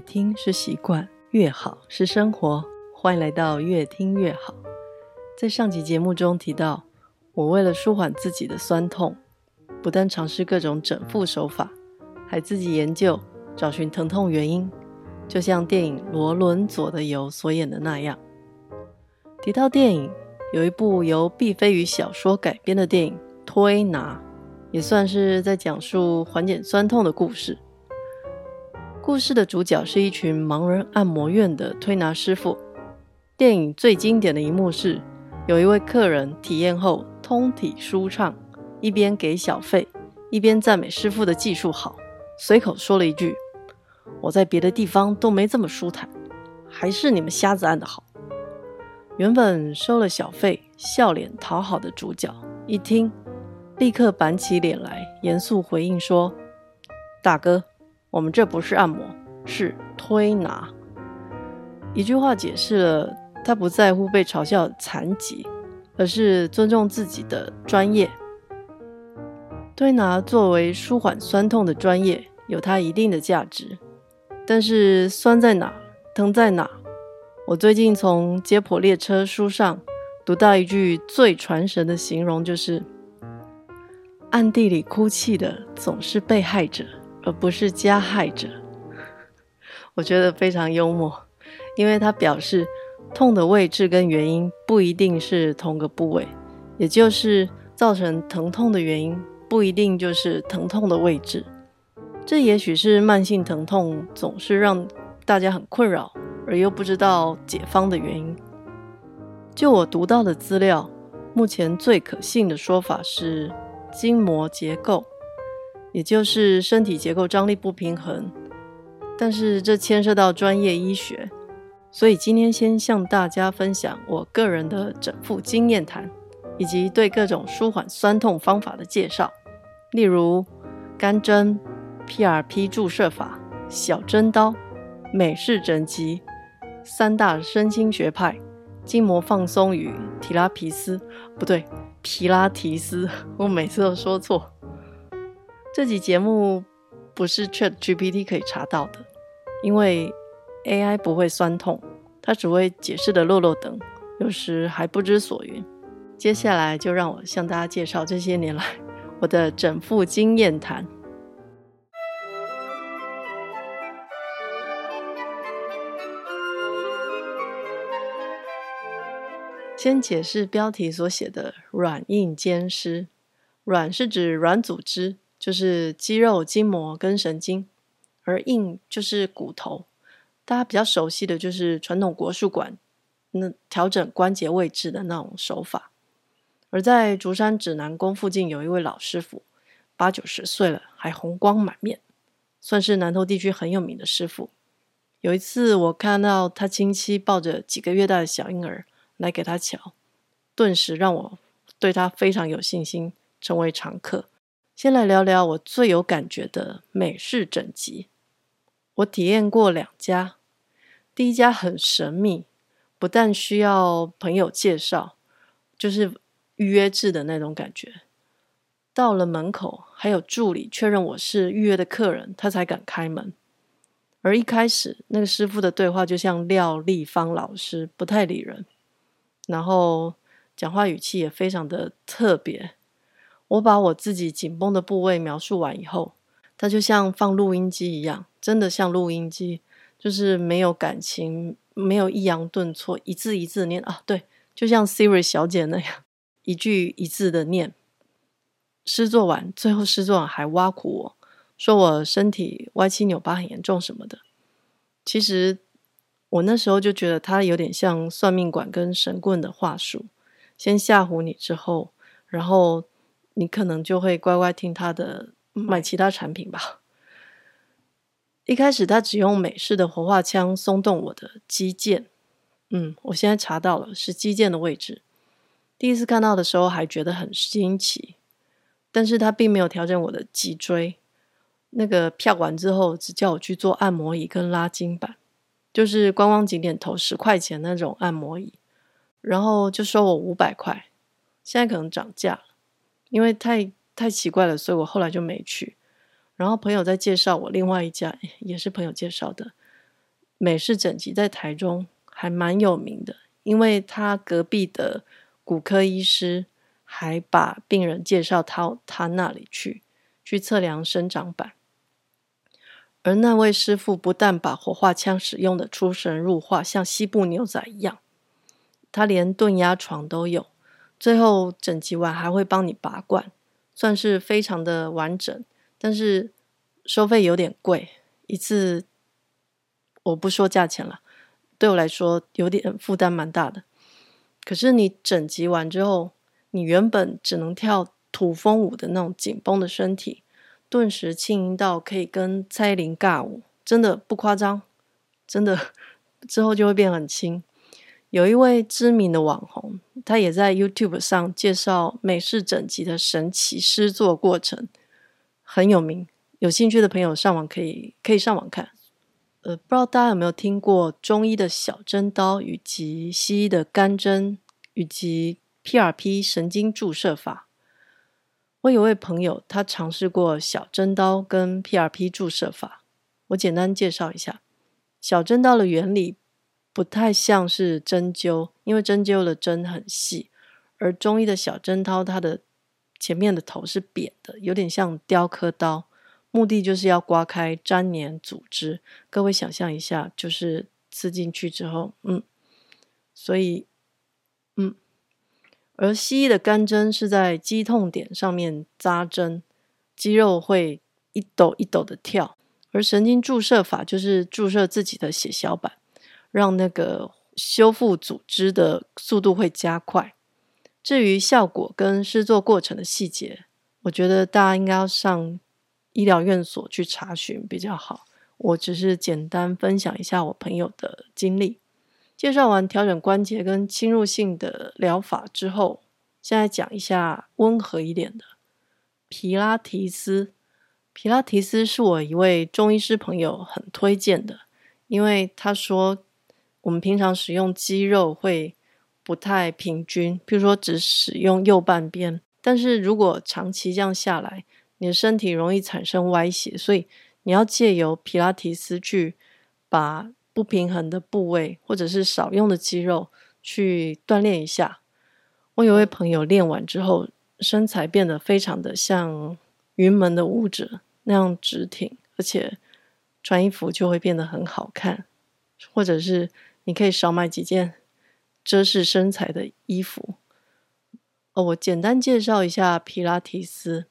閱聽是習慣，閱好是生活。歡迎來到閱聽閱好。在上集節目中提到，我為了舒緩自己的酸痛，不但嘗試各種整復手法，還自己研究找尋疼痛原因。就像電影《羅倫佐的油》所演的那樣。提到電影，有一部由畢飛宇小說改編的電影《推拿》，也算是在講述緩解酸痛的故事。故事的主角是一群盲人按摩院的推拿師傅。電影最經典的一幕是，有一位客人體驗後通體舒暢，一邊給小費，一邊讚美師傅的技術好，隨口說了一句：“我在別的地方都沒這麼舒坦，還是你們瞎子按的好。”原本收了小費、笑臉討好的主角一聽，立刻板起臉來，嚴肅回應說：“大哥。”我們這不是按摩，是推拿。一句話解釋了，他不在乎被嘲笑殘疾，而是尊重自己的專業。推拿作為舒緩酸痛的專業，有它一定的價值。但是酸在哪，疼在哪？我最近從《街普列車》書上讀到一句最傳神的形容，就是“暗地裡哭泣的總是被害者”。而不是加害者， 我覺得非常幽默，因為它表示痛的位置跟原因不一定是同個部位，也就是造成疼痛的原因不一定就是疼痛的位置。這也許是慢性疼痛總是讓大家很困擾，而又不知道解方的原因。就我讀到的資料，目前最可信的說法是筋膜結構。也就是身體結構張力不平衡，但是這牽涉到專業醫學，所以今天先向大家分享我個人的整復經驗談，以及對各種舒緩酸痛方法的介紹，例如乾針、PRP 注射法、小針刀、美式整脊、三大身心學派、筋膜放鬆與提拉皮斯，不對，皮拉提斯，我每次都說錯。這期節目不是 Chat GPT 可以查到的，因為 AI 不會酸痛，它只會解釋的落落等，有時還不知所云。接下來就讓我向大家介紹這些年來我的整復經驗談。先解釋標題所寫的“軟硬兼施”，軟是指軟組織。就是肌肉、筋膜跟神經，而硬就是骨頭。大家比較熟悉的就是傳統國術館那調整關節位置的那種手法。而在竹山指南宮附近有一位老師傅，八九十歲了還紅光滿面，算是南投地區很有名的師傅。有一次我看到他親戚抱着幾個月大的小嬰兒來給他瞧，頓時讓我對他非常有信心，成為常客。先來聊聊我最有感覺的美式整脊。我體驗過兩家，第一家很神秘，不但需要朋友介紹，就是預約制的那種感覺。到了門口，還有助理確認我是預約的客人，他才敢開門。而一開始，那個師傅的對話就像廖立芳老師，不太理人，然後講話語氣也非常的特別。我把我自己緊繃的部位描述完以後，他就像放錄音機一樣，真的像錄音機，就是沒有感情，沒有抑揚頓挫，一字一字念啊。對，就像 Siri 小姐那樣，一句一字的念。施作完，最後施作完還挖苦我說我身體歪七扭八，很嚴重什麼的。其實我那時候就覺得他有點像算命館跟神棍的話術，先嚇唬你之後，然後你可能就會乖乖聽他的，買其他產品吧。一開始他只用美式的活化槍鬆動我的肌腱，嗯，我現在查到了是肌腱的位置。第一次看到的時候還覺得很新奇，但是他並沒有調整我的脊椎。那個票完之後，只叫我去做按摩椅跟拉筋板，就是觀光，光景點投十塊錢那種按摩椅，然後就收我五百塊，現在可能漲價。因為太太奇怪了，所以我後來就沒去。然後朋友在介紹我另外一家，也是朋友介紹的美式整脊，在台中還蠻有名的，因為他隔壁的骨科醫師還把病人介紹到他那裡去去測量生長板。而那位師傅不但把活化槍使用得出神入化，像西部牛仔一樣，他連頓壓床都有。最後整脊完還會幫你拔罐，算是非常的完整，但是收費有點貴，一次我不說價錢了，對我來說有點負擔蠻大的。可是你整脊完之後，你原本只能跳土風舞的那種緊繃的身體，頓時輕盈到可以跟蔡依林尬舞，真的不誇張，真的之後就會變很輕。有一位知名的網紅。他也在 YouTube 上介紹美式整脊的神奇施作過程，很有名。有興趣的朋友上網可以可以上網看。呃，不知道大家有沒有聽過中醫的小針刀，以及西醫的乾針，以及 PRP 神經注射法？我有位朋友，他嘗試過小針刀跟 PRP 注射法。我簡單介紹一下小針刀的原理。不太像是針灸，因為針灸的針很細，而中醫的小針刀它的前面的頭是扁的，有點像雕刻刀，目的就是要刮開粘連組織。各位想象一下，就是刺進去之後，嗯，所以，嗯，而西醫的乾針是在激痛點上面扎針，肌肉會一抖一抖的跳，而神經注射法就是注射自己的血小板，讓那個修復組織的速度會加快。至於效果跟施作過程的細節，我覺得大家應該要上醫療院所去查詢比較好。我只是簡單分享一下我朋友的經歷。介紹完調整關節跟侵入性的療法之後，現在講一下溫和一點的皮拉提斯。皮拉提斯是我一位中醫師朋友很推薦的，因為他說。我們平常使用肌肉會不太平均，譬如說只使用右半邊，但是如果長期這樣下來，你的身體容易產生歪斜，所以你要借由皮拉提斯去把不平衡的部位或者是少用的肌肉去鍛鍊一下。我有位朋友練完之後，身材變得非常的像雲門的舞者那樣直挺，而且穿衣服就會變得很好看，或者是。你可以少買幾件遮飾身材的衣服。哦，我簡單介紹一下皮拉提斯。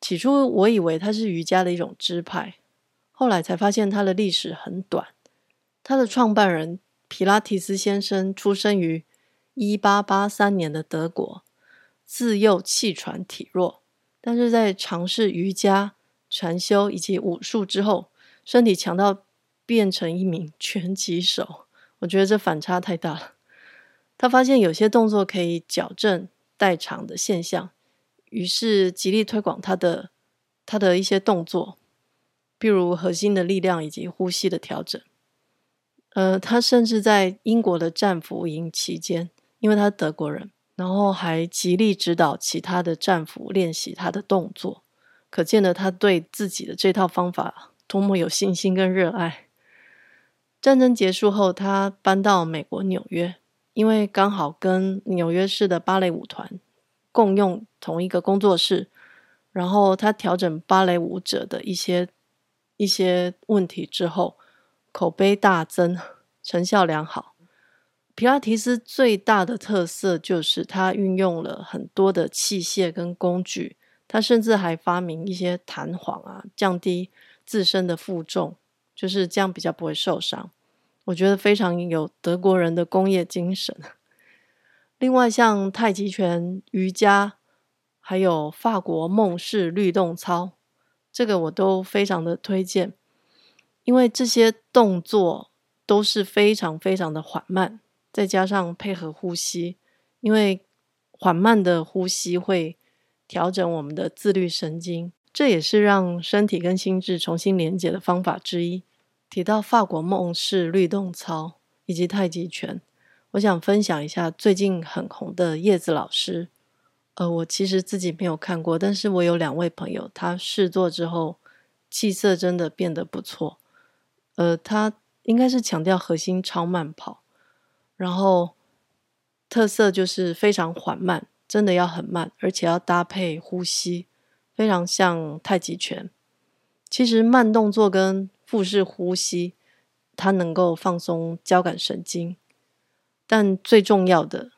起初我以為他是瑜伽的一種支派，後來才發現他的歷史很短。他的創辦人皮拉提斯先生出生於一八八三年的德國，自幼氣喘體弱，但是在嘗試瑜伽、禪修以及武術之後，身體強到變成一名拳擊手。我覺得這反差太大了。他發現有些動作可以矯正代償的現象，於是極力推廣他的他的一些動作，譬如核心的力量以及呼吸的調整。呃，他甚至在英國的戰俘營期間，因為他是德國人，然後還極力指導其他的戰俘練習他的動作。可見得，他對自己的這套方法多麼有信心跟熱愛。戰爭結束後，他搬到美國紐約，因為剛好跟紐約市的芭蕾舞團共用同一個工作室。然後他調整芭蕾舞者的一些一些問題之後，口碑大增，成效良好。皮拉提斯最大的特色就是他運用了很多的器械跟工具，他甚至還發明一些彈簧啊，降低自身的負重。就是這樣比較不會受傷，我覺得非常有德國人的工業精神。另外，像太極拳、瑜伽，還有法國夢式律動操，這個我都非常的推薦，因為這些動作都是非常非常的緩慢，再加上配合呼吸，因為緩慢的呼吸會調整我們的自律神經，這也是讓身體跟心智重新連結的方法之一。提到法國夢式律動操以及太極拳，我想分享一下最近很紅的葉子老師。呃，我其實自己沒有看過，但是我有兩位朋友，他試做之後，氣色真的變得不錯。呃，他應該是強調核心超慢跑，然後特色就是非常緩慢，真的要很慢，而且要搭配呼吸，非常像太極拳。其實慢動作跟腹式呼吸，它能夠放鬆交感神經，但最重要的，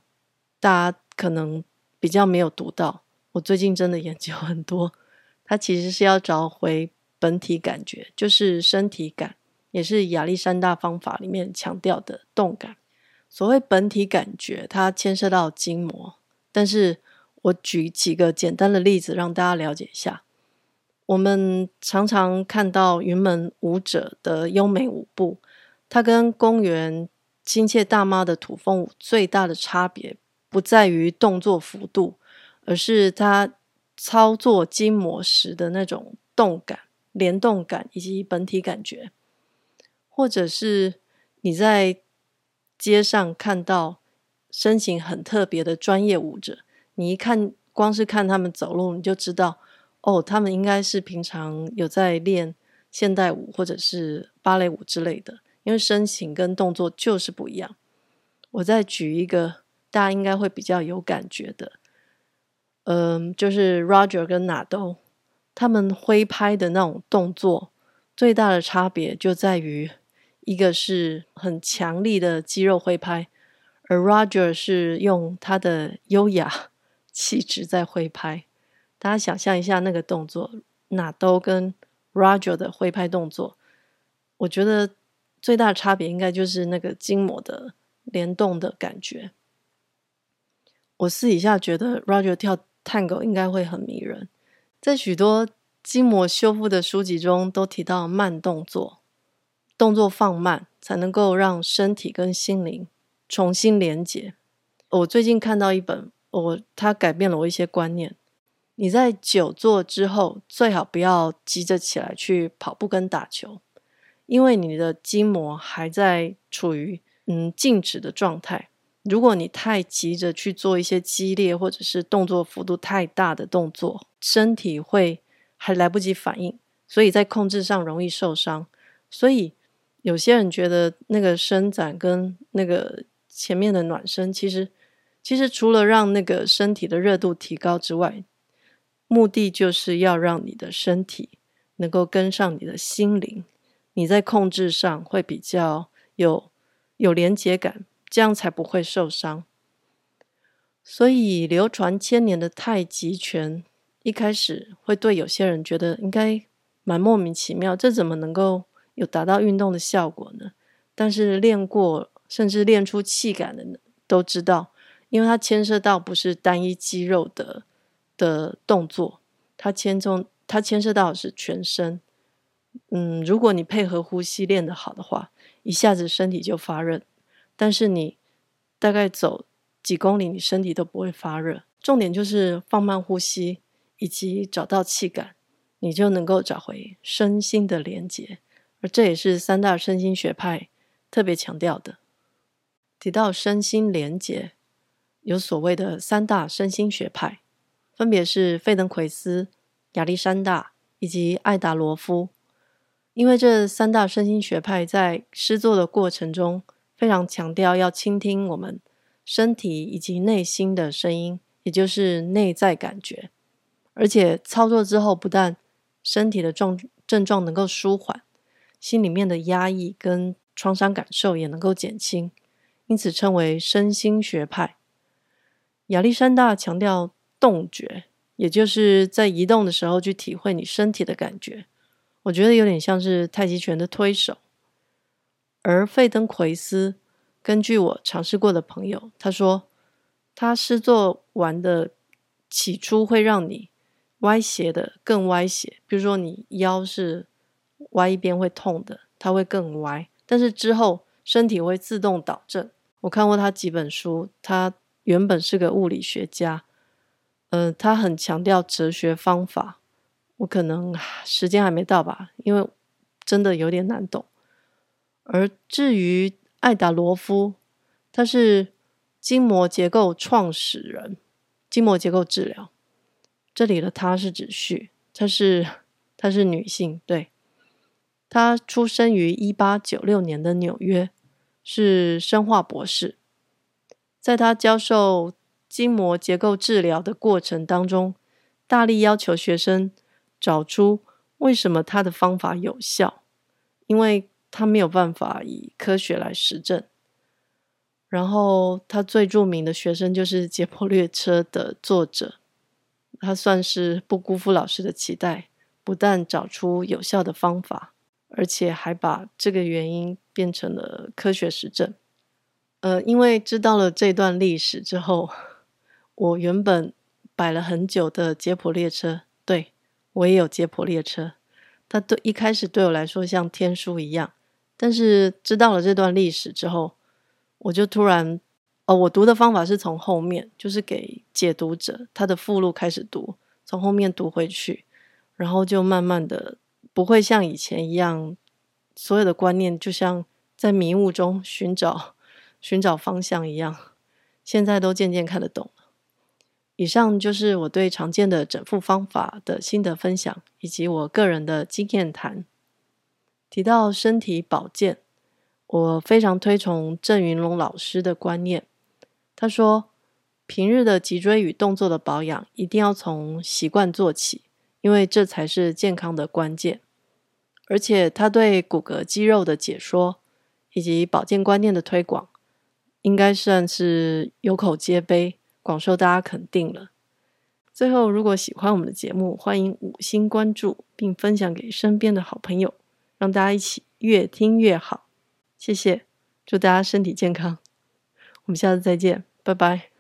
大家可能比較沒有讀到。我最近真的研究很多，它其實是要找回本體感覺，就是身體感，也是亞歷山大方法裡面強調的動感。所謂本體感覺，它牽涉到筋膜，但是我舉幾個簡單的例子讓大家了解一下。我們常常看到雲門舞者的優美舞步，它跟公園親切大媽的土風舞最大的差別，不在於動作幅度，而是它操作筋膜時的那種動感、聯動感以及本體感覺。或者是你在街上看到身形很特別的專業舞者，你一看，光是看他們走路，你就知道。哦，oh, 他們應該是平常有在練現代舞或者是芭蕾舞之類的，因為身形跟動作就是不一樣。我再舉一個，大家應該會比較有感覺的，嗯，就是 Roger 跟納豆他們揮拍的那種動作，最大的差別就在於一個是很強力的肌肉揮拍，而 Roger 是用他的優雅氣質在揮拍。大家想象一下那個動作，納豆跟 Roger 的揮拍動作，我覺得最大的差別應該就是那個筋膜的聯動的感覺。我私底下覺得 Roger 跳探戈應該會很迷人。在許多筋膜修復的書籍中，都提到慢動作，動作放慢才能夠讓身體跟心靈重新連結。我最近看到一本，我、哦、他改變了我一些觀念。你在久坐之後，最好不要急着起來去跑步跟打球，因為你的筋膜還在處於嗯靜止的狀態。如果你太急着去做一些激烈或者是動作幅度太大的動作，身體會還來不及反應，所以在控制上容易受傷。所以有些人覺得那個伸展跟那個前面的暖身，其實其實除了讓那個身體的熱度提高之外，目的就是要讓你的身體能夠跟上你的心靈，你在控制上會比較有有連接感，這樣才不會受傷。所以流傳千年的太極拳，一開始會對有些人覺得應該蠻莫名其妙，這怎麼能夠有達到運動的效果呢？但是練過甚至練出氣感的人都知道，因為它牽涉到不是單一肌肉的。的動作，它牽中，它牽涉到的是全身。嗯，如果你配合呼吸練得好的話，一下子身體就發熱。但是你大概走幾公里，你身體都不會發熱。重點就是放慢呼吸以及找到氣感，你就能夠找回身心的連結。而這也是三大身心學派特別強調的，提到身心連結，有所謂的三大身心學派。分別是費登奎斯、亞歷山大以及艾達羅夫，因為這三大身心學派在施作的過程中，非常強調要傾聽我們身體以及內心的聲音，也就是內在感覺，而且操作之後，不但身體的狀症狀能夠舒緩，心裡面的壓抑跟創傷感受也能夠減輕，因此稱為身心學派。亞歷山大強調。動覺，也就是在移動的時候去體會你身體的感覺，我覺得有點像是太極拳的推手。而費登奎斯根據我嘗試過的朋友，他說他試做完的起初會讓你歪斜的更歪斜，比如說你腰是歪一邊會痛的，它會更歪，但是之後身體會自動導正。我看過他幾本書，他原本是個物理學家。呃，他很強調哲學方法，我可能時間還沒到吧，因為真的有點難懂。而至於艾達羅夫，他是筋膜結構創始人，筋膜結構治療。這裡的他是指序，他是他是女性，對。他出生於一八九六年的紐約，是生化博士，在他教授，筋膜結構治療的過程當中，大力要求學生找出為什麼他的方法有效，因為他沒有辦法以科學來實證。然後他最著名的學生就是《解剖列車》的作者，他算是不辜負老師的期待，不但找出有效的方法，而且還把這個原因變成了科學實證。呃，因為知道了這段歷史之後，我原本擺了很久的《解剖列車》對，對我也有《解剖列車》，它對一開始對我來說像天書一樣。但是知道了這段歷史之後，我就突然……哦，我讀的方法是從後面，就是給解讀者他的附錄開始讀，從後面讀回去，然後就慢慢的不會像以前一樣，所有的觀念就像在迷霧中尋找尋找方向一樣，現在都漸漸看得懂。以上就是我對常見的整復方法的心得分享，以及我個人的經驗談。提到身體保健，我非常推崇鄭雲龍老師的觀念。他說，平日的脊椎與動作的保養一定要從習慣做起，因為這才是健康的關鍵。而且他對骨骼肌肉的解說，以及保健觀念的推廣，應該算是有口皆碑。廣受大家肯定了。最後，如果喜歡我們的節目，歡迎五星關注並分享給身邊的好朋友，讓大家一起越聽越好。謝謝，祝大家身體健康，我們下次再見，拜拜。